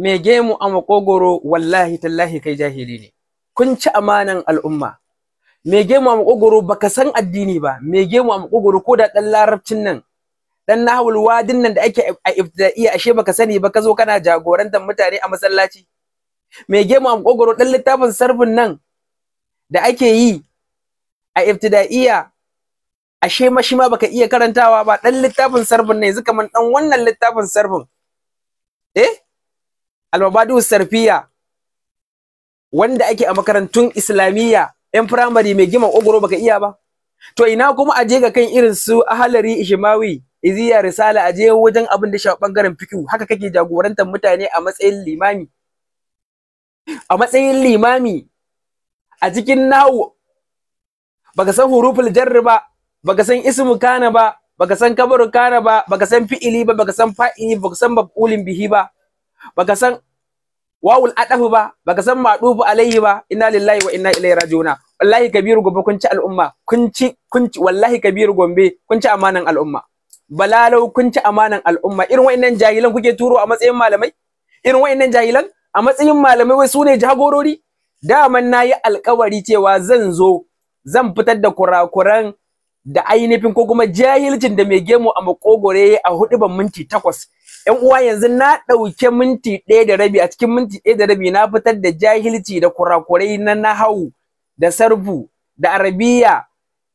mai gemu a makogoro wallahi tallahi kai jahili ne kun ci amanan al'umma mai gemu a makogoro baka san addini ba mai gemu a makogoro ko da ɗan larabcin nan dan nahawul wadin nan da ake a ibtidaiya ashe baka sani ba ka zo kana jagorantar mutane a masallaci mai gemu a makogoro dan littafin sarfin nan da ake yi a ibtidaiya ashe ma shi ma baka iya karantawa ba dan littafin sarfin ne yanzu kaman dan wannan littafin sarfin eh almabadu sarfiya wanda ake a makarantun islamiyya yan firamare mai gima ogoro baka iya ba to ina kuma aje ga kan irin su ahalari ishimawi iziya risala aje wajen abin da shafi bangaren fikihu haka kake jagorantar mutane a matsayin limami a matsayin limami a cikin nawo baka san huruful jarr ba baka san ismu kana ba baka san kabaru kana ba baka san fi'ili ba baka san fa'ili baka san mab'ulin bihi ba baka san wawul adafu ba baka san madubu alaihi ba inna lillahi wa inna ilaihi rajiuna wallahi kabiru gobe kun ci al'umma kun ci kun ci wallahi kabiru gombe kun ci amanan al'umma balalau kun ci amanan al'umma irin wayannan jahilan kuke turo a matsayin malamai irin wayannan jahilan a matsayin malamai wai sune jagorori daman nayi alkawari cewa zan zo zan fitar da kurakuran da ainihin ko kuma jahilcin da mai gemu a makogore a hudu ban minti takwas yan uwa yanzu na ɗauke minti ɗaya da rabi a cikin minti ɗaya da rabi na fitar da jahilci da kurakurai na nahau da sarfu da arabiya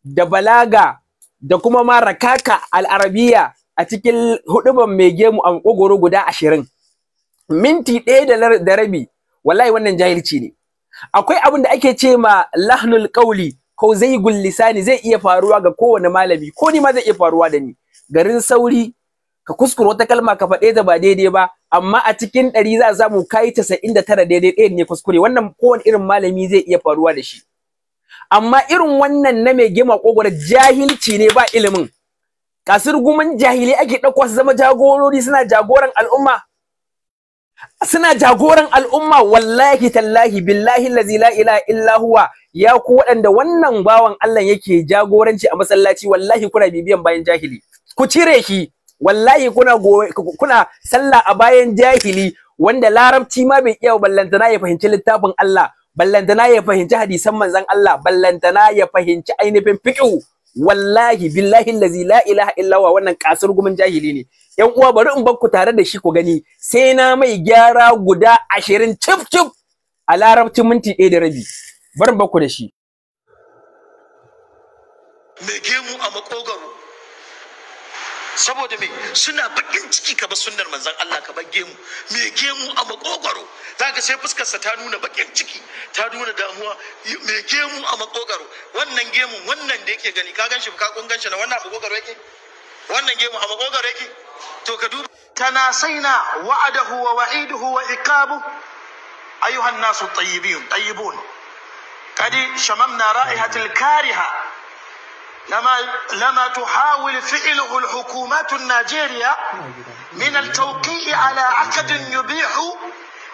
da balaga da kuma ma rakaka al'arabiya a cikin huduban mai gemu a makogoro guda ashirin minti ɗaya da rabi wallahi wannan jahilci ne akwai abin da ake ce ma lahnul ƙauli ko zaigul lisani zai iya faruwa ga kowane malami ko ni ma zai iya faruwa da ni garin sauri ka kuskure wata kalma ka faɗe ta ba daidai ba amma a cikin ɗari za a samu kayi casa'in da tara daidai ɗaya ne kuskure wannan kowane irin malami zai iya faruwa da shi amma irin wannan na mai gima kogwar jahilci ne ba ilimin kasir guman jahilai ake ɗauko su zama jagorori suna jagoran al'umma suna jagoran al'umma wallahi tallahi billahi lazi la ilaha illa huwa ya ku waɗanda wannan bawan Allah yake jagoranci a masallaci wallahi kuna bibiyan bayan jahili ku cire shi wallahi kuna kuna sallah a bayan jahili wanda larabci ma bai iya ballantana ya fahimci littafin Allah ballantana ya fahimci hadisan manzon Allah ballantana ya fahimci ainihin fiqh wallahi billahi allazi la ilaha illa huwa wannan kasar gumin jahili ne yan uwa bari in ku tare da shi ku gani sai na mai gyara guda ashirin cif cif a larabcin minti ɗaya da rabi barin bakku da shi mai mu a makogaro saboda me suna bakin ciki ka ba sunnar manzon Allah ka bage mu me mu a makogaro zaka sai fuskar sa ta nuna bakin ciki ta nuna damuwa me mu a makogaro wannan gemu wannan da yake gani ka ganshi ka kun ganshi na wannan makogaro yake wannan gemu a makogaro yake to ka duba tanasaina wa'adahu wa wa'iduhu wa iqabu ayyuhan nasu tayyibun tayyibun قد شممنا رائحة الكارهة لما لما تحاول فعله الحكومات الناجيرية من التوقيع على عقد يبيح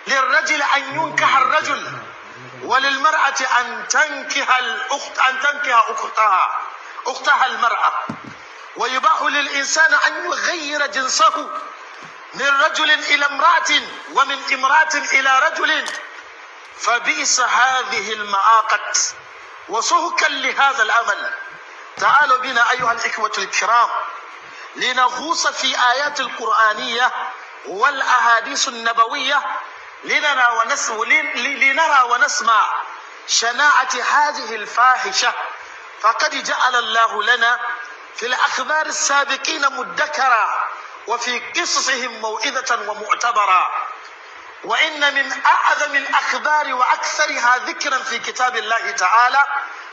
للرجل أن ينكح الرجل وللمرأة أن تنكح الأخت أن تنكح أختها أختها المرأة ويباح للإنسان أن يغير جنسه من رجل إلى امرأة ومن امرأة إلى رجل فبئس هذه المآقت وسهكا لهذا الأمل تعالوا بنا أيها الإخوة الكرام لنغوص في آيات القرآنية والأحاديث النبوية لنرى ونسمع, لنرى ونسمع شناعة هذه الفاحشة فقد جعل الله لنا في الأخبار السابقين مدكرا وفي قصصهم موعظة ومعتبرا وإن من أعظم الأخبار وأكثرها ذكرا في كتاب الله تعالى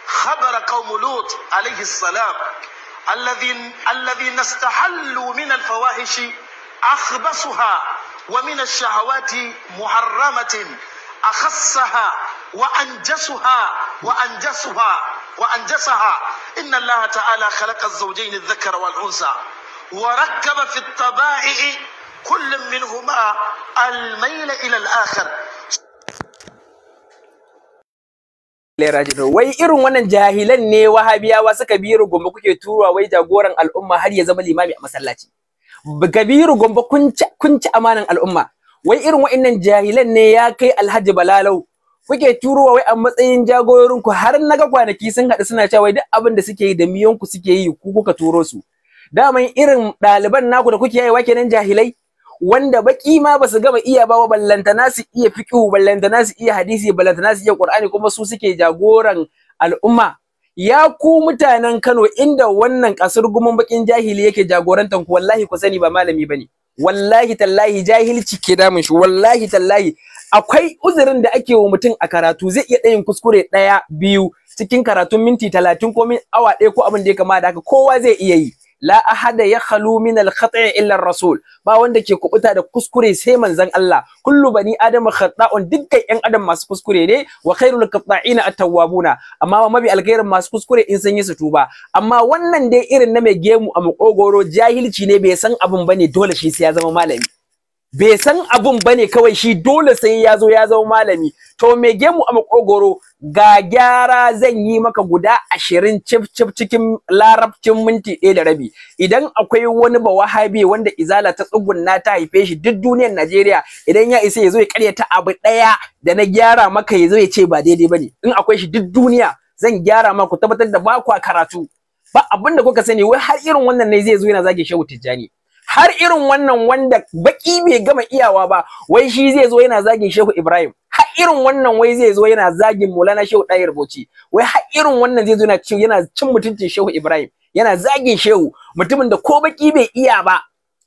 خبر قوم لوط عليه السلام الذين الذين استحلوا من الفواحش أخبصها ومن الشهوات محرمة أخصها وأنجسها وأنجسها وأنجسها إن الله تعالى خلق الزوجين الذكر والأنثى وركب في الطبائع kullum minhuma almaila ila al wai irin wannan jahilan ne wahabiyawa suka biyu gombe kuke turuwa wai jagoran al'umma har ya zama limami a masallaci kabiru gombe kun ci amanan al'umma wai irin wa'annan jahilan ne ya kai alhaji balalau kuke turuwa wai a matsayin jagororin ku har naga kwanaki sun haɗu suna cewa duk abin da suke yi da miyon ku suke yi ku kuka turo su daman irin ɗaliban naku da kuke yayi kenan jahilai wanda baki ma basu gama iya ba ballantana su iya fiqhu ballantana su iya hadisi ballantana su iya qur'ani kuma su suke jagoran al'umma ya ku mutanen Kano inda wannan kasar gumin bakin jahili yake jagorantan ku wallahi ku sani ba malami bane wallahi tallahi jahilci ke damun shi wallahi tallahi akwai uzurin da ake wa mutum a karatu zai iya ɗayin kuskure ɗaya biyu cikin karatun minti talatin ko min awa ɗaya ko abin da ya kama da haka kowa zai iya yi la ahada ya khalu min al-khata'i illa rasul ba wanda ke kubuta da kuskure sai manzon Allah kullu bani adama khata'un dukkan yan adam masu kuskure ne wa khairul qata'ina at-tawwabuna amma wa mabi alkhairin masu kuskure in sun yi su tuba amma wannan dai irin na mai gemu a makogoro jahilci ne bai san abun bane dole shi sai ya zama malami bai san abun bane kawai shi dole sai ya zo ya zama malami to me gemu a makogoro ga gyara zan yi maka guda ashirin cif cif cikin larabcin minti ɗaya da rabi idan akwai wani ba wahabi wanda izala ta tsugunna ta haife shi duk duniyar najeriya idan ya isa ya zo ya ta abu ɗaya da na gyara maka ya zo ya ce ba daidai ba ne, in akwai shi duk duniya zan gyara maka ku tabbatar da ba kwa karatu ba abin da kuka sani wai har irin wannan ne zai zo yana zage shehu tijjani har irin wannan wanda baki bai gama iyawa ba wai shi zai zo yana zagin Shehu Ibrahim har irin wannan wai zai zo yana zagin Maulana Shehu Dayar Bauchi wai har irin wannan zai zo yana cin yana cin mutuncin Shehu Ibrahim yana zagin Shehu mutumin da ko baki bai iya ba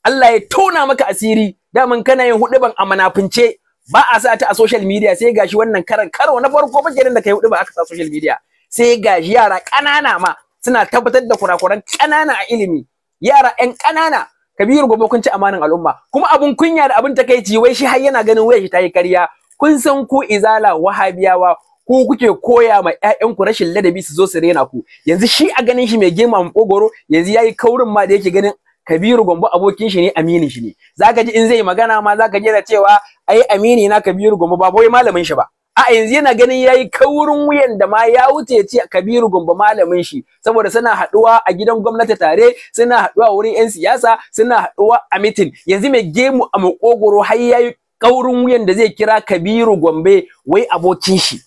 Allah ya tona maka asiri daman kana yin huduban a manafince ba a sa ta a social media sai gashi wannan karan karo na farko ba kenan da kai hudu ba aka sa social media sai gashi yara ƙanana ma suna tabbatar da kurakuran ƙanana a ilimi yara 'yan ƙanana kabiru gobe kun ci amanan al'umma kuma abun kunya da abun takeici wai shi har yana ganin wayar shi ta yi ƙarya kun san ku izala wahabiyawa ku kuke koya ma ƴaƴanku rashin ladabi su zo su rena ku yanzu shi a ganin shi mai gema kogoro yanzu yayi kaurin ma da yake ganin Kabiru Gombo abokin shi ne amini shi ne zaka ji in zai magana ma zaka ji da cewa ai amini na Kabiru Gombo? ba boye malamin shi ba a yanzu yana ganin yayi kaurin wuyan da ma ya wuce ya ce Kabiru Gombe malamin shi saboda suna haduwa a gidan gwamnati tare suna haduwa wurin yan siyasa suna haduwa a mitin yanzu mai gemu a makogoro har yayi kaurin wuyan da zai kira Kabiru Gombe wai abokin shi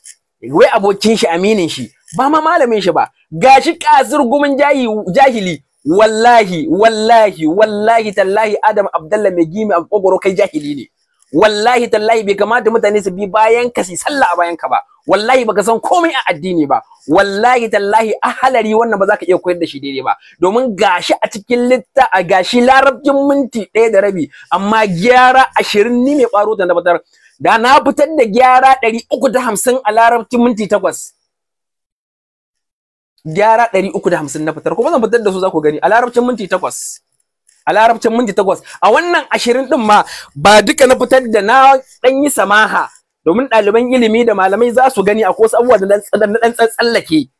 wai abokin shi aminin shi ba ma malamin shi ba gashi kasir gumin jahili wallahi wallahi wallahi tallahi Adam Abdallah mai gimi a makogoro kai jahili ne wallahi tallahi bai kamata mutane su bi bayan ka su sallah a bayan ka ba wallahi baka san komai a addini ba wallahi tallahi halari wannan ba za ka iya koyar da shi daidai ba domin gashi a cikin litta a gashi larabcin minti ɗaya da rabi amma gyara ashirin ni mai ɓaro ta tabbatar da na fitar da gyara ɗari uku da hamsin a larabcin minti takwas gyara ɗari uku da hamsin na fitar kuma zan fitar da su za ku gani a larabcin minti takwas a larabcin minti takwas a wannan ashirin din ma ba duka na fitar da na dan yi samaha domin ɗaliban ilimi da malamai za su gani akwai wasu abubuwa na dan tsallake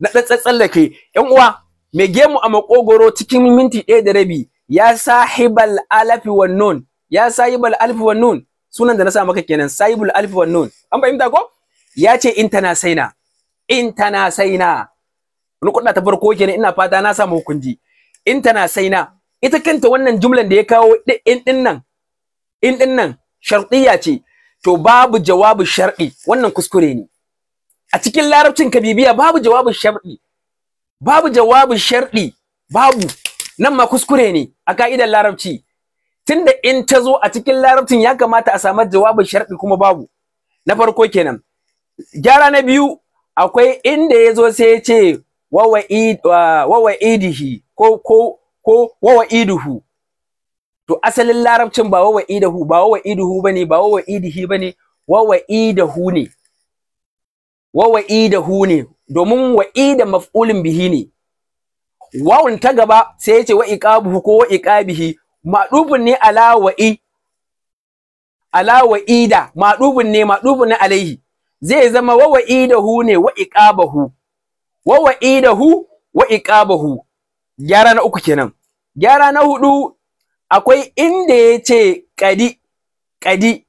na dan tsallake yan uwa me gemu a makogoro cikin minti ɗaya da rabi ya sahibal alafi wan nun ya sahibal alafi wan nun sunan da na sa maka kenan sahibul alafi wan nun an fahimta ko ya ce in tana saina in tana saina wani kuɗa ta farko kenan ina fata na samu hukunci in tana saina ita kanta wannan jumlan da ya kawo in din nan in din nan shartiya ce to babu jawabu shar'i wannan kuskure ne a cikin larabcin ka bibiya babu jawabu shar'i babu jawabu shar'i babu nan ma kuskure ne a ka'idar larabci tunda in ta zo a cikin larabcin ya kamata a samu jawabu sharɗi kuma babu na farko kenan gyara na biyu akwai inda ya zo sai ya ce wawaidihi ko ko ko wawa iduhu to asalin larabcin ba wawa iduhu ba wawa iduhu bane ba wawa idihi bane wawa idahu ne wawa idahu ne domin wa'ida maf'ulin bihi ne wawun ta gaba sai yace wa iqabuhu ko wa iqabihi madubun ne ala i ala wa'ida madubun ne madubun ne alaihi zai zama wa wa'idahu ne wa iqabahu wa wa'idahu wa iqabahu gyara na uku kenan gyara na hudu akwai inda ya ce kadi kadi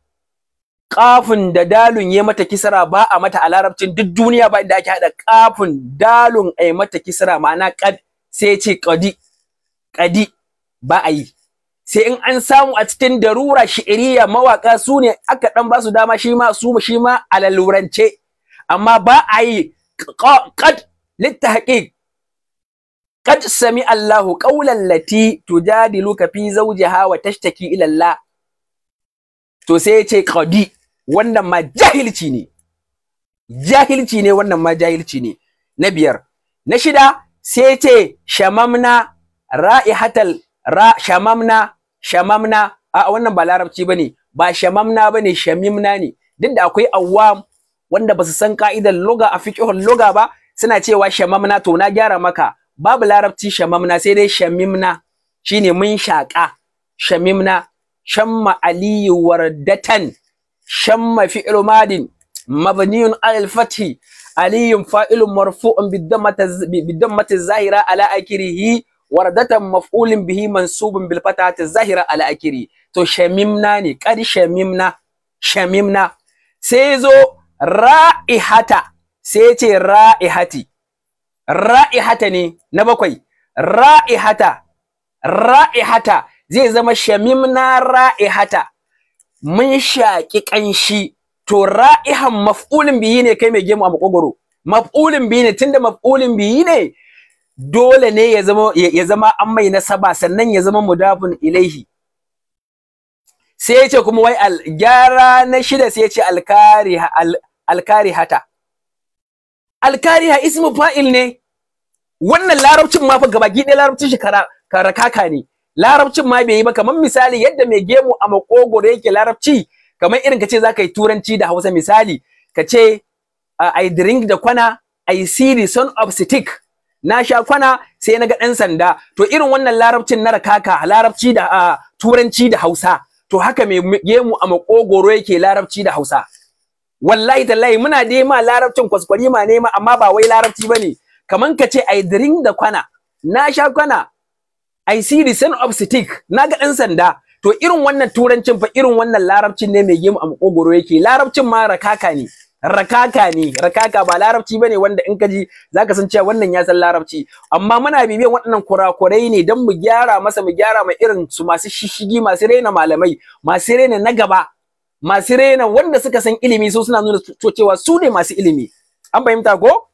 kafin da dalun ya mata kisra ba a mata a larabcin duk duniya ba inda ake hada kafin dalun a mata kisara, ma'ana kad sai ce kadi kadi ba a yi sai in an samu a cikin darura shi'iriya mawaka su ne aka dan ba su dama shi ma su shi ma alalurance amma ba a yi qad littahqiq Kad sami Allahu qawlan lati tujadiluka fi zawjiha wa tashtaki ila Allah to sai ce qadi wannan ma jahilci ne jahilci ne wannan ma jahilci ne na biyar na shida sai ce shamamna ra'ihatal ra shamamna shamamna a wannan ba larabci bane ba shamamna bane shamimna ne duk da akwai awwam wanda ba su san ka'idar loga a fiqhul loga ba suna cewa shamamna to na gyara maka babu larabci shamamna sai dai shamimna shine mun shaƙa shamimna shamma aliyu wardatan shamma fi'lu madin mabniyun alal fathi aliyun fa'ilun marfu'un bidammati zahira ala akirihi wardatan maf'ulin bihi mansubun bil fatati zahira ala akiri to shamimna ne qad shamimna shamimna sai zo ra'ihata sai ce ra'ihati ra'ihata ne na bakwai ra'ihata ra'ihata zai zama shamimna ra'ihata mun shaƙi ƙanshi to ra'ihan maf'ulin biyi ne kai mai gemu a makogoro maf'ulin biyi ne tunda maf'ulin biyi ne dole ne ya zama ya zama an mai nasaba sannan ya zama mudafun ilaihi sai ya ce kuma wai al gyara na shida sai ya ce alkari hata alkariha ismu fa'il ne wannan larabcin ma fa gabaki ɗaya larabcin shi kara kaka ne larabcin ma bai yi ba kamar misali yadda mai gemu a makogoro yake larabci kamar irin kace ka yi turanci da Hausa misali kace ah, I drink da kwana I see the son of stick na sha kwana sai na ga ɗan sanda to irin wannan larabcin na rakaka larabci da ah, turanci da Hausa to haka mai gemu a makogoro yake larabci da Hausa wallahi tallahi muna dai ma larabcin kwaskwari ma ne ma amma ba wai larabci bane kaman ka ce i drink da kwana na sha kwana i see the son of stick na ga dan sanda to irin wannan turancin fa irin wannan larabcin ne mai gemu a makogoro yake larabcin ma rakaka ne rakaka ne rakaka ba larabci bane wanda in ka ji zaka san cewa wannan ya san larabci amma muna bibiyan waɗannan kurakurai ne don mu gyara masa mu gyara ma irin su masu shishigi masu raina malamai masu raina na gaba masu rena wanda suka san ilimi su suna nuna cewa su ne masu ilimi an fahimta ko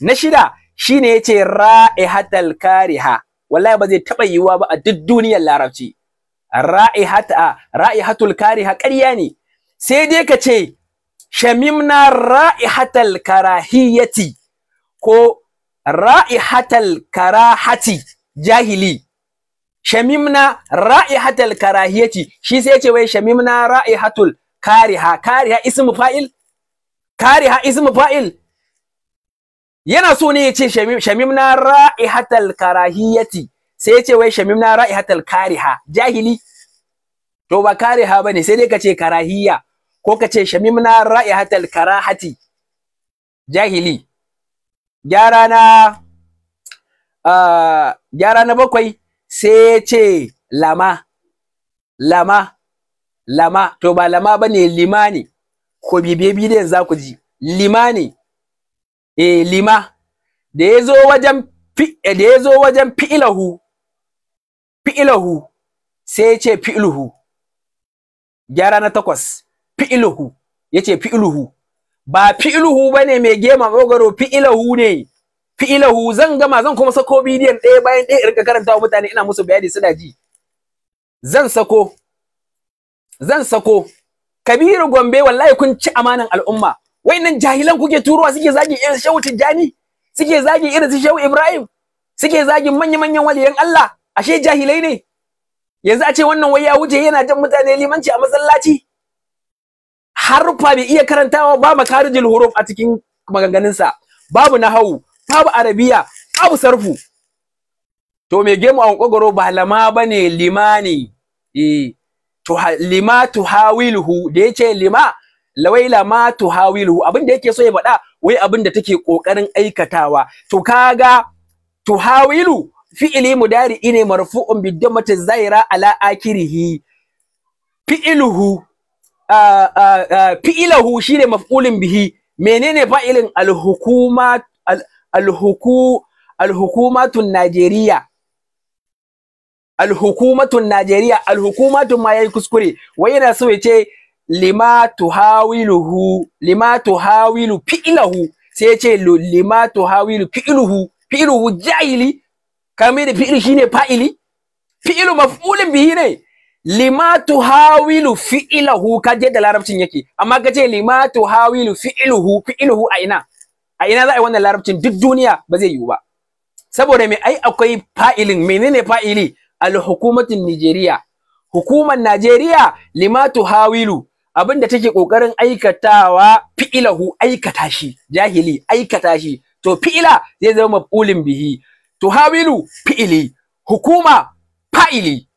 na shida shine yace ra'ihatal kariha wallahi ba zai taba yiwuwa ba a duk duniyar larabci ra'ihata ra'ihatul kariha ƙarya ne sai dai ka ce shamimna ra'ihatal karahiyati ko ra'ihatal karahati jahili shamimna ra'ihatal karahiyati shi sai ce wai shamimna ra'ihatul kariha kariha ismu fa'il kariha ismu fa'il yana so ne ya ce shamim na ra'ihatal karahiyati sai ya ce wai shamim na ra'ihatal kariha jahili to ba kariha bane sai dai ka ce karahiya ko ka ce shamim na ra'ihatal karahati jahili gyara na uh, gyara na bakwai sai ya ce lama lama lama to ba lama bane lima ne ko bibiye bidiyon za ku ji lima ne eh lima da ya zo wajen eh, da ya zo wajen fi'ilahu fi'ilahu sai ya ce fi'iluhu gyara na takwas fi'iluhu ya ce fi'iluhu ba fi'iluhu bane mai gema magwaro fi'ilahu ne fi'ilahu zan gama zan kuma sako bidiyon ɗaya bayan ɗaya irka karanta mutane ina musu bayani suna ji zan sako zan sako kabiru gombe wallahi kun ci amanan al'umma wayannan jahilan kuke turowa suke zagi irin shehu tijjani suke zagi irin su shehu ibrahim suke zagin manya-manyan waliyan Allah ashe jahilai ne yanzu a ce wannan wai ya wuce yana jan mutane limanci a masallaci harufa bai iya karantawa ba makarijul huruf a cikin maganganunsa babu nahawu babu arabiya babu sarfu to me gemu a kokoro ba lama bane limani eh lima tuhawiluhu da yace lima lawaila ma tuhawiluhu abin da yake so ya faɗa wai abin da take kokarin aikatawa to kaga tuhawilu fi'ili mudari'i ne marfu'un bi dammati zaira ala akirihi fi'iluhu fi'ilahu shine maf'ulun bihi menene fa'ilin alhukuma alhuku alhukumatun najeriya alhukumatun Najeriya alhukumatun ma yayi kuskure wai yana so ya ce lima tuhawiluhu lima tuhawilu fi'lahu sai ya ce lima tuhawilu fi'luhu fi'luhu jahili kamar da fi'il shine fa'ili fi'ilu maf'ulin bihi ne lima tuhawilu ka je da larabcin yake amma kace lima tuhawilu fi'luhu fi'luhu a ina a ina za a yi wannan larabcin duk duniya ba zai yiwu ba saboda me ai akwai fa'ilin menene fa'ili alhukumatin Nijeriya hukumar Najeriya lima tuhawilu abinda take kokarin aikatawa fi'ilahu aikata shi jahili aikata shi to fi'ila zai zama maf'ulin bihi tuhawilu fi'ili hukuma fa'ili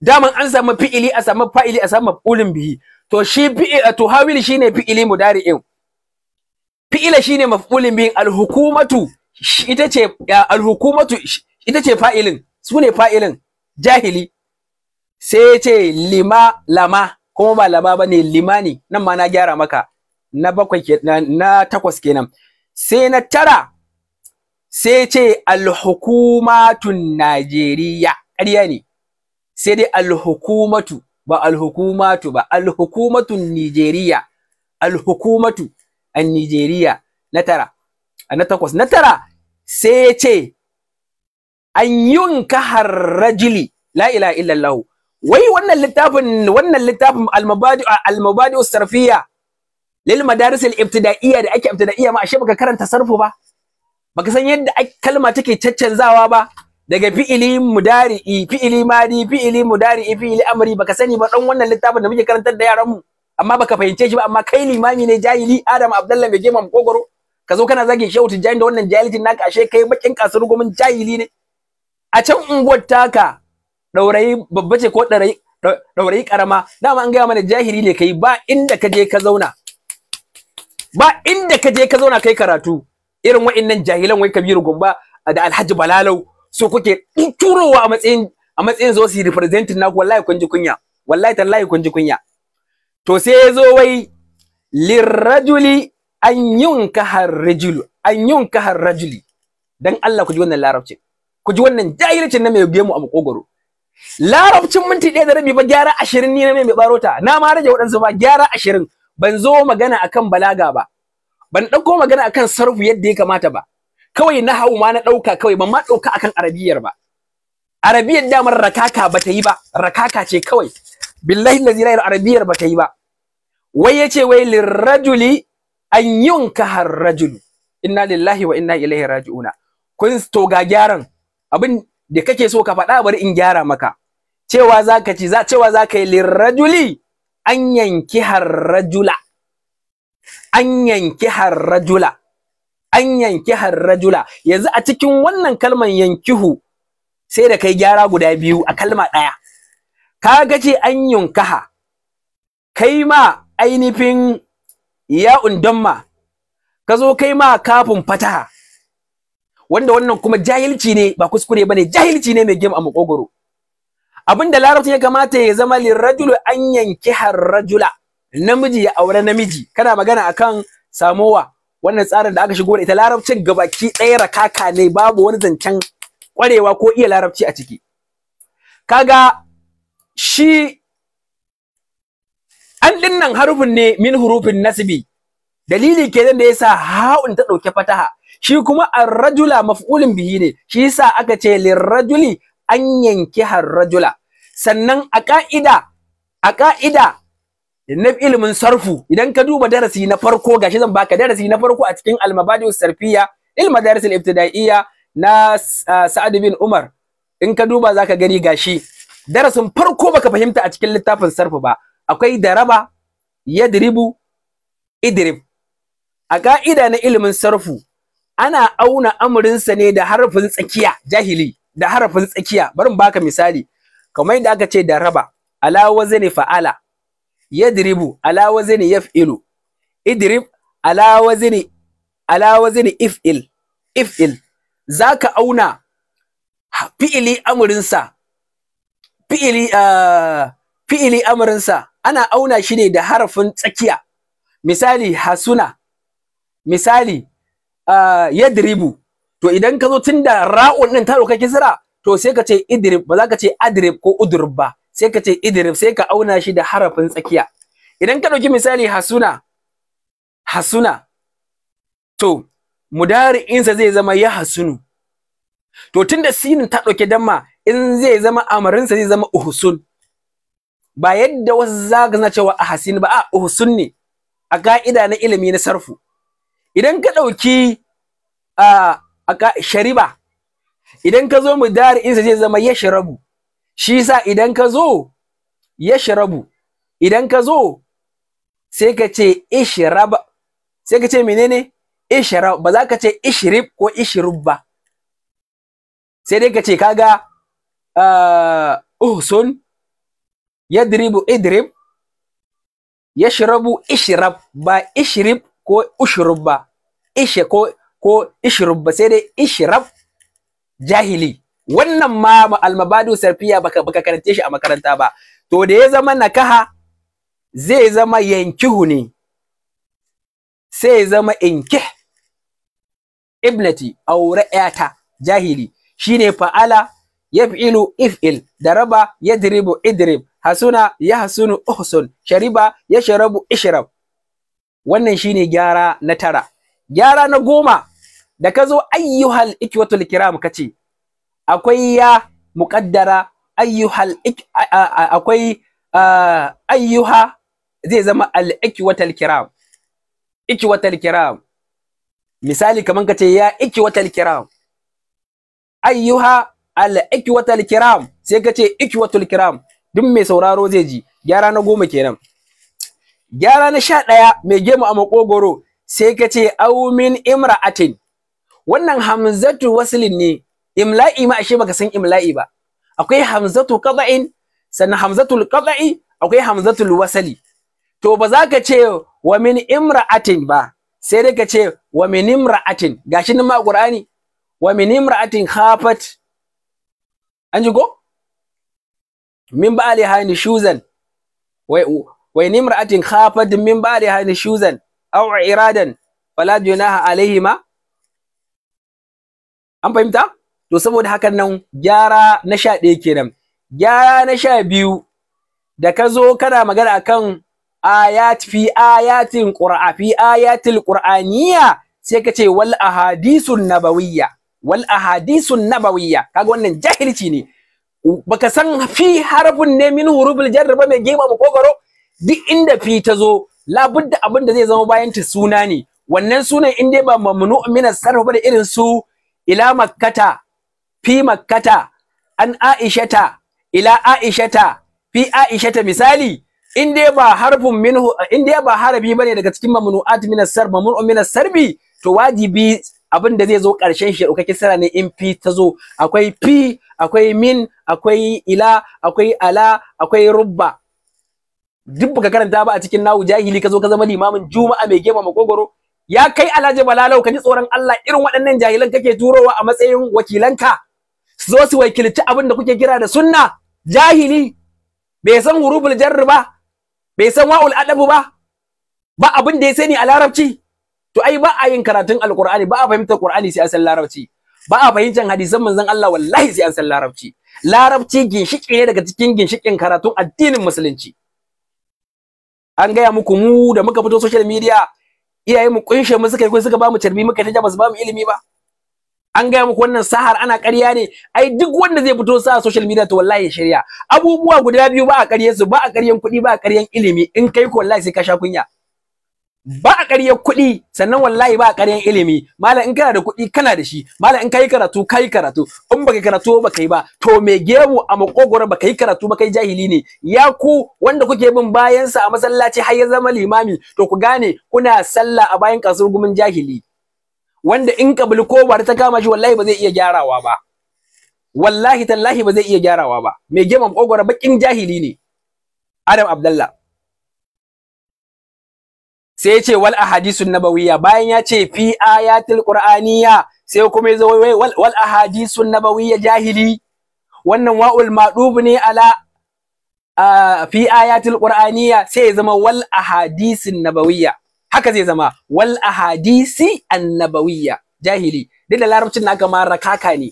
daman an samu fi'ili a samu fa'ili a samu maf'ulin bihi to shi eh, tuhawilu shine fi'ili mudari'in fi'ila shine maf'ulin bihi alhukumatu ita ce eh, alhukumatu ita ce fa'ilin sune fa'ilin jahili sai ya ce lima lama kuma ba lama ba ne limani nan ma na gyara maka na bakwai na takwas kenan sai na tara sai ce alhukumatun Najeriya ƙarya ne sai dai alhukumatu ba alhukumatu ba alhukumatun Nijeriya alhukumatu an Nijeriya na tara a na takwas na tara sai ya ce an yunka harrajili la ilaha illallah wai wannan littafin wannan littafin al-mabadi al-mabadi sarfiyya lil madaris al da ake ibtida'iyya ma ashe baka karanta sarfu ba baka san yadda kalma take caccanzawa ba daga fi'ili mudari'i fi'ili madi fi'ili mudari'i fi'ili amri baka sani ba dan wannan littafin da muke karantar da yaran mu amma baka fahimce shi ba amma kai limami ne jahili Adam Abdullahi bai gema makogoro ka zo kana zage Shehu Tijjani da wannan jahilcin naka ashe kai bakin kasar gumin jahili ne a can unguwar taka ɗaurayi babba ce ko ɗaurayi ɗaurayi da dama an gaya mana jahili ne kai ba inda ka je ka zauna ba inda ka je ka zauna kai karatu irin wa'innan jahilan wai kabiru gumba da alhaji balalau so kuke turowa a matsayin a matsayin zo su representing naku wallahi kun ji kunya wallahi tallahi kun ji kunya to sai ya zo wai lirrajuli an yunkahar harrajulu an yunkahar rajuli dan Allah ku ji wannan larabcin ku ji wannan jahilcin na mai gemu a makogoro larabcin minti ɗaya da rabi ba gyara ashirin ni na mai barota na ma rage waɗansu ba gyara ashirin ban zo magana akan balaga ba ban ɗauko magana akan sarfu yadda ya kamata ba kawai na hau ma na ɗauka kawai ban ma ɗauka akan arabiyar ba arabiyar damar rakaka ba ta yi ba rakaka ce kawai billahi lazi la arabiyar ba ta yi ba wai yace wai lirrajuli an yunka harrajulu inna lillahi wa inna ilaihi raji'una kun to ga gyaran abin da kake so ka faɗa bari in gyara maka cewa zaka ci za cewa zaka yi lirrajuli an yanki harrajula an yanki harrajula an yanki harrajula yanzu a cikin wannan kalman yankihu sai da kai gyara guda biyu a kalma ɗaya ka ga ce an yunkaha kai ma ainifin ya damma ka zo kai ma kafin fataha wanda wannan kuma jahilci ne ba kuskure ba ne, jahilci ne mai game a makogoro abinda larabci ya kamata ya zama lirrajulu an yanki rajula namiji ya aure namiji kana magana akan samowa wannan tsarin da aka shigo da ita larabcin gabaki ɗaya rakaka ne babu wani zancen kwarewa ko iya larabci a ciki kaga shi an dinnan harufin ne min hurufin nasibi, dalili kenan da yasa ha'un ta ɗauke fataha shi kuma arrajula maf'ulin maf'ulun bihi ne shi yasa aka ce lirrajuli an yanki har sannan a ka'ida a ka'ida na ilimin sarfu idan ka duba darasi na farko gashi zan baka darasi na farko a cikin al sarfiya ilma darasin al-ibtidaiya na ah, Sa'ad bin Umar in ka duba zaka gani gashi darasin farko baka fahimta a cikin littafin sarfu ba akwai daraba yadribu idrib a ka'ida na ilimin sarfu ana auna amurinsa ne da harafin tsakiya jahili da harafin tsakiya bari mu baka misali kamar yadda aka ce da raba ala wazni fa'ala yadribu ala wazni yaf'ilu idrib ala wazni ala wazni if'il if'il zaka auna fi'ili amurinsa fi'ili ah, fi'ili amurinsa ana auna shi ne da harafin tsakiya misali hasuna misali Ah, yadribu to idan ka zo tunda ra'un ɗin ta ɗauka kisra to sai ka ce idrib ba za ka ce adrib ko udrib ba sai ka ce idrib sai ka auna shi da harafin tsakiya idan ka ɗauki misali hasuna hasuna to mudari'insa zai zama ya hasunu to tunda sinin ta dauke damma in zai zama amarinsa zai zama uhsun ba yadda wasu zaga na cewa a hasin ba a uhsun ne a ka'ida na ilimi na sarfu idan ka ɗauki a shariba idan ka zo mu dari insa zai zama ya shi sa idan ka zo ya idan ka zo sai ka ce ishirab sai ka ce menene ishirab ba za ka ce ishirib ko ishirub ba sai dai ka ce kaga uhsun yadribu idrib yashrabu ishrab ba ishrib ko ushrubba ishe ko ko sai dai ishrab jahili wannan ma almabadu sarfiya baka baka karance shi a makaranta ba to da ya zama nakaha zai zama yankihu ne sai zama inke ibnati aure yata jahili shine fa'ala yaf'ilu if'il daraba yadribu idrib hasuna yahsunu uhsun shariba yashrabu ishrab wannan shine gyara na tara gyara na goma da ka zo ayyuhal ikwatul kiram kace akwai ya muqaddara ayyuhal akwai ayyuha zai zama al ikwatul kiram ikwatul kiram misali kaman kace ya ikwatul kiram ayyuha al ikwatul kiram sai kace ikwatul kiram duk mai sauraro zai ji gyara na goma kenan gyara na sha ɗaya mai gemu a makogoro sai ka ce aumin imra'atin wannan hamzatu wasilin ne imla'i ma ashe baka san imla'i ba akwai hamzatu qada'in sannan hamzatul qada'i akwai hamzatul wasali to ba za ka ce wa min imra'atin ba sai dai ka ce wa min imra'atin gashi nan ma qur'ani wa min imra'atin khafat an ji ko min ba'aliha shuzan wa in imra'atin khafat min ba'liha nushuzan aw iradan fala junaha alaihima an fahimta to saboda hakan nan gyara na sha ɗaya kenan gyara na sha biyu da ka zo kana magana akan ayat fi ayatin qur'a fi ayatil qur'aniyya sai ka ce wal ahadisun nabawiyya wal ahadisun nabawiyya kaga wannan jahilci ne baka san fi harfin ne min hurufil jarr mai gima mu kogoro duk inda fi ta zo labudda abin da zai zama bayanta suna ne wannan sunan in dai ba mamnu min ba da irin su ila makkata fi makkata an aishata ila aishata fi aishata misali in dai ba harfin minhu in dai ba harabi bane daga cikin mamnu'at min as-sarf mamnu min as-sarbi to wajibi abin da zai zo ƙarshen shi ɗauka kisra ne in fi ta zo akwai fi akwai min akwai ila akwai ala akwai rubba duk baka karanta ba a cikin nawu jahili ka zo ka zama limamin juma'a mai gema makogoro ya kai alhaji balalau ka ji tsoron Allah irin waɗannan jahilan kake turowa a matsayin wakilanka su zo su wakilci abin da kuke kira da sunna jahili bai san hurufin jarr ba bai san wa'ul adabu ba ba abin da ya sani a larabci to ai ba a yin karatun alqur'ani ba a fahimtar qur'ani sai an san larabci ba a fahimtar hadisan manzon Allah wallahi sai an san larabci larabci ginshiki ne daga cikin ginshikin karatun addinin musulunci an gaya muku mu da muka fito social media iyaye mu kunshe mu suka yi suka ba mu tarbi muka ta ba su ba ilimi ba an gaya muku wannan sahar ana ƙarya ne ai duk wanda zai fito sa social media to wallahi shirya abubuwa guda biyu ba a ƙaryen su ba a ƙaryen kuɗi ba a ƙaryen ilimi in kai ko wallahi sai ka sha kunya ba a ƙaryar kuɗi sannan wallahi ba a ƙaryar ilimi malam in kana da kuɗi kana da shi malam in kai karatu kai karatu in baka karatu ba kai ba to me gemu a makogoro baka yi karatu ba kai jahili ne ya ku wanda kuke bin bayan sa a masallaci har ya zama limami to ku gane kuna sallah a bayan kasuwar gumin jahili wanda in kabili ko ba ta kama shi wallahi ba zai iya gyarawa ba wallahi tallahi ba zai iya gyarawa ba me gemu a makogoro bakin jahili ne Adam Abdallah sai ya ce wal ahadisun nabawiya bayan ya ce fi ayatil qur'aniyya sai kuma ya zo wal wal ahadisun nabawiya jahili wannan wa'ul madubu ne ala fi ayatil sai ya zama wal ahadisin nabawiya haka zai zama wal ahadisi annabawiyya jahili duk da larabcin na kama rakaka ne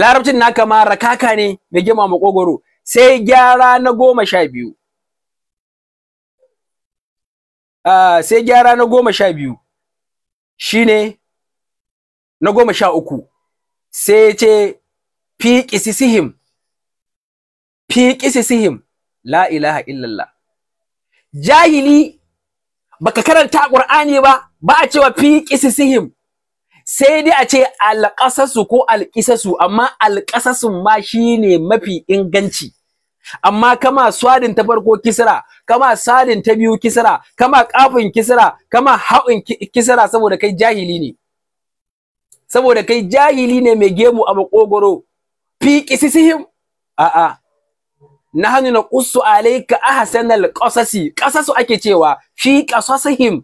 larabcin na kama rakaka ne mai gima makogoro sai gyara na goma sha biyu Ah, sai gyara na goma sha biyu shine na goma sha uku sai ce fi kisisihim fi kisisihim la ilaha illallah jahili baka karanta ƙur'ani ba ba a cewa fi kisisihim sai dai a ce alƙasasu ko alƙisasu amma alƙasasun ma shi ne mafi inganci amma kama swadin ta farko kisra kama sadin ta biyu kisra kama kafin kisra kama ha'in kisra saboda kai jahili ne saboda kai jahili ne mai gemu a makogoro fi kisisihim. a a na naqussu alayka ahsanal qasasi qasasu ake cewa fi qasasihim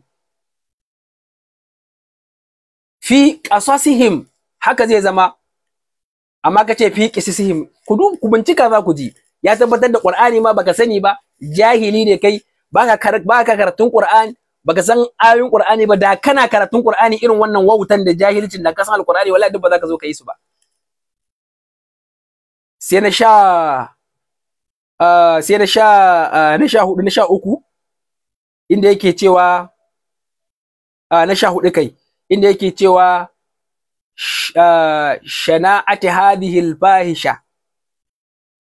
fi qasasihim haka zai zama amma kace fi kisisihim, ku ku bincika za ku ji ya tabbatar da Qur'ani ma baka sani ba jahili ne kai baka baka karatun Qur'ani baka san ayoyin Qur'ani ba da kana karatun Qur'ani irin wannan wautan da jahilcin da ka san qurani wallahi duk ba za ka zo ka yi su ba sai na sha sai na sha na sha hudu na sha uku inda yake cewa na sha hudu kai inda yake cewa shana'ati hadhihi al-fahisha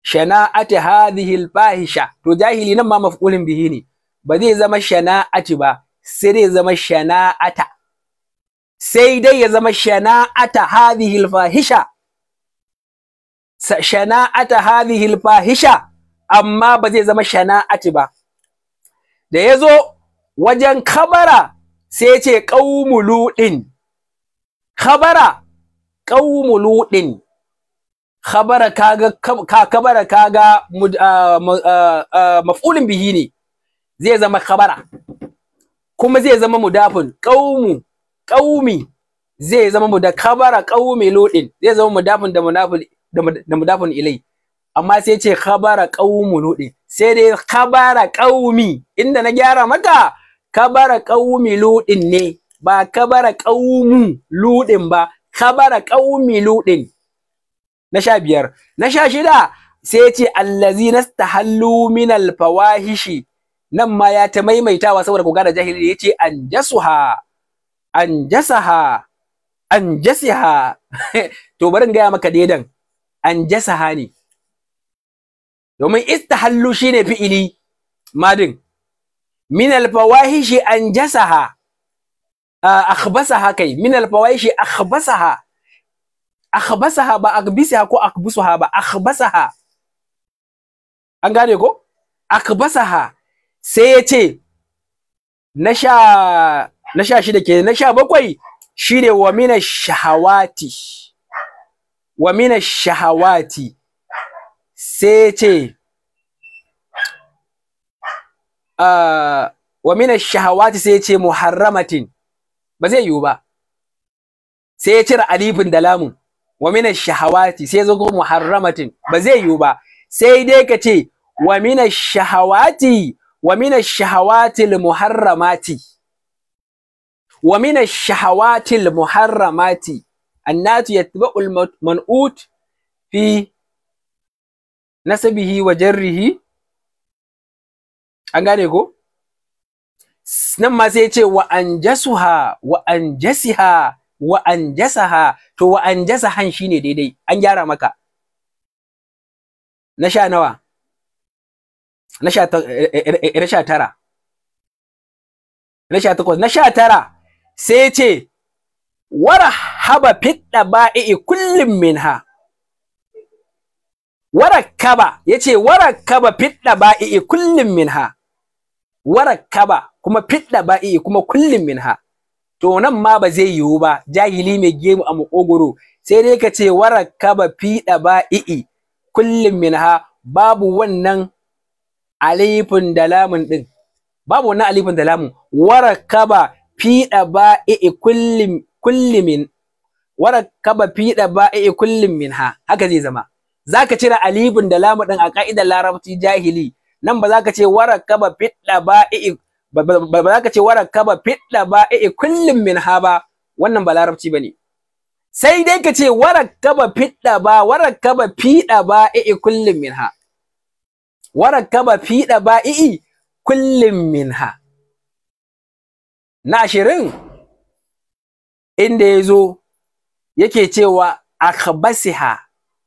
shana'ati hadhihi al to jahili nan ma maf'ulin bihi ne ba zai zama shana'ati ba sai dai zama shana'ata sai dai ya zama shana'ata hadhihi al shana'ata hadhihi al amma ba zai zama shana'ati ba da zo wajen Kabara sai ce qaumuludin Kabara qaumuludin khabara kaga ka kabara kaga ah, ah, ah, maf'ulin bihi ne zai zama khabara kuma zai zama mudafun qaumu qaumi zai zama mu da khabara qaumi lodin zai zama mudafun da munafil da mudafun ilai amma sai ce khabara qaumu lodin sai dai khabara qaumi inda na gyara maka khabara qaumi lodin ne ba khabara qaumu lodin ba khabara qaumi lodin na sha biyar na sha shida sai ya ce allazi nastahallu min alfawahishi nan ma ya ta maimaitawa saboda ku gane jahili ya ce jasaha anjasaha anjasiha to bari in gaya maka dedan anjasaha ne domin istahallu shine fi'ili madin min alfawahishi anjasaha ah, akhbasaha kai min alfawahishi akhbasaha akhbasaha ba akbisaha ko akbusaha ba akhbasaha an gane ko akbasaha sai ya ce na sha na sha shida ke na sha bakwai shi ne, wa mina shahawati wa mina shahawati sai ce uh, wa mina shahawati sai ce muharramatin ba zai yiwu ba sai ya cire alifin da lamun wa mina shahawati sai zo muharramatin ba zai yiwu ba sai dai ka ce wa mina shahawati wa mina shahawatil muharramati wa mina shahawatil muharramati annatu al man'ut fi nasabihi wa jarrihi an gane ko nan ma sai ce wa anjasuha wa anjasiha wa anjasaha to wa an anjasahan shine daidai an gyara maka na sha nawa na sha eh, eh, eh, tara na sha takwas na sha tara sai ce warhaba fidda ba'i kullum minha warakaba yace warakaba fidda ba'i kullum minha warakaba kuma fidda ba'i kuma kullum ha to nan ma ba zai yiwu ba jahili mai gemu a makogoro sai dai ka ce waraka ba fi ba i'i kullum min ha. babu wannan alifin da lamun din babu wannan alifin da lamun waraka ba fi ba i'i kullum min waraka ba fi ba i'i kullum ha haka zai zama zaka cire alifin da lamun din a ka'idar larabci jahili nan ba za ka ce waraka ba fi ba i'i ba za ka ce wara ba fidda ba e kullum min ha ba wannan ba larabci ba ne sai dai ka ce wara ba fidda ba waraka ba fiɗa ba e kullum min ha Wara ba fiɗa ba e kullum min ha na ashirin inda ya zo yake cewa akhbasiha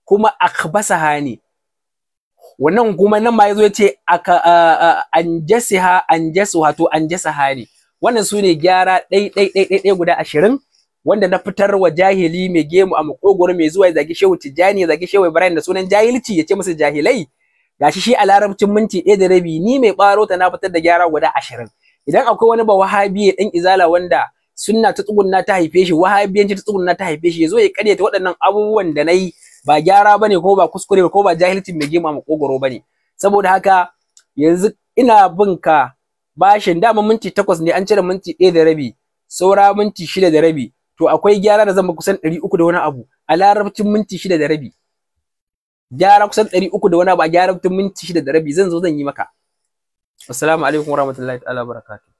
kuma akhbasaha ne wannan kuma nan ma yazo yace aka anjasiha wato, to anjasaha ne wannan sune gyara dai dai dai dai guda 20 wanda na fitar wa jahili mai gemu a makogoro mai zuwa ya zagi shehu tijjani ya zagi shehu ibrahim da sunan jahilci ya ce musu jahilai gashi shi a larabcin minti ɗaya da rabi ni mai ɓaro ta na fitar da gyara guda ashirin idan akwai wani ba wahabiye ɗan izala wanda sunna ta tsugunna ta haife shi wahabiyanci ta tsugunna ta haife shi ya zo ya karyata waɗannan abubuwan da na yi ba gyara bane ko ba kuskure ba ko ba jahilcin mai gima makogoro bane saboda haka yanzu ina bin ka bashin dama minti takwas ne an cire minti ɗaya da rabi saura minti shida da rabi to akwai gyara da zan kusan ɗari uku da wani abu a larabcin minti shida da rabi gyara kusan ɗari uku da wani abu a larabcin minti shida da rabi zan zo zan yi maka assalamu alaikum warahmatullahi ta'ala barakatuh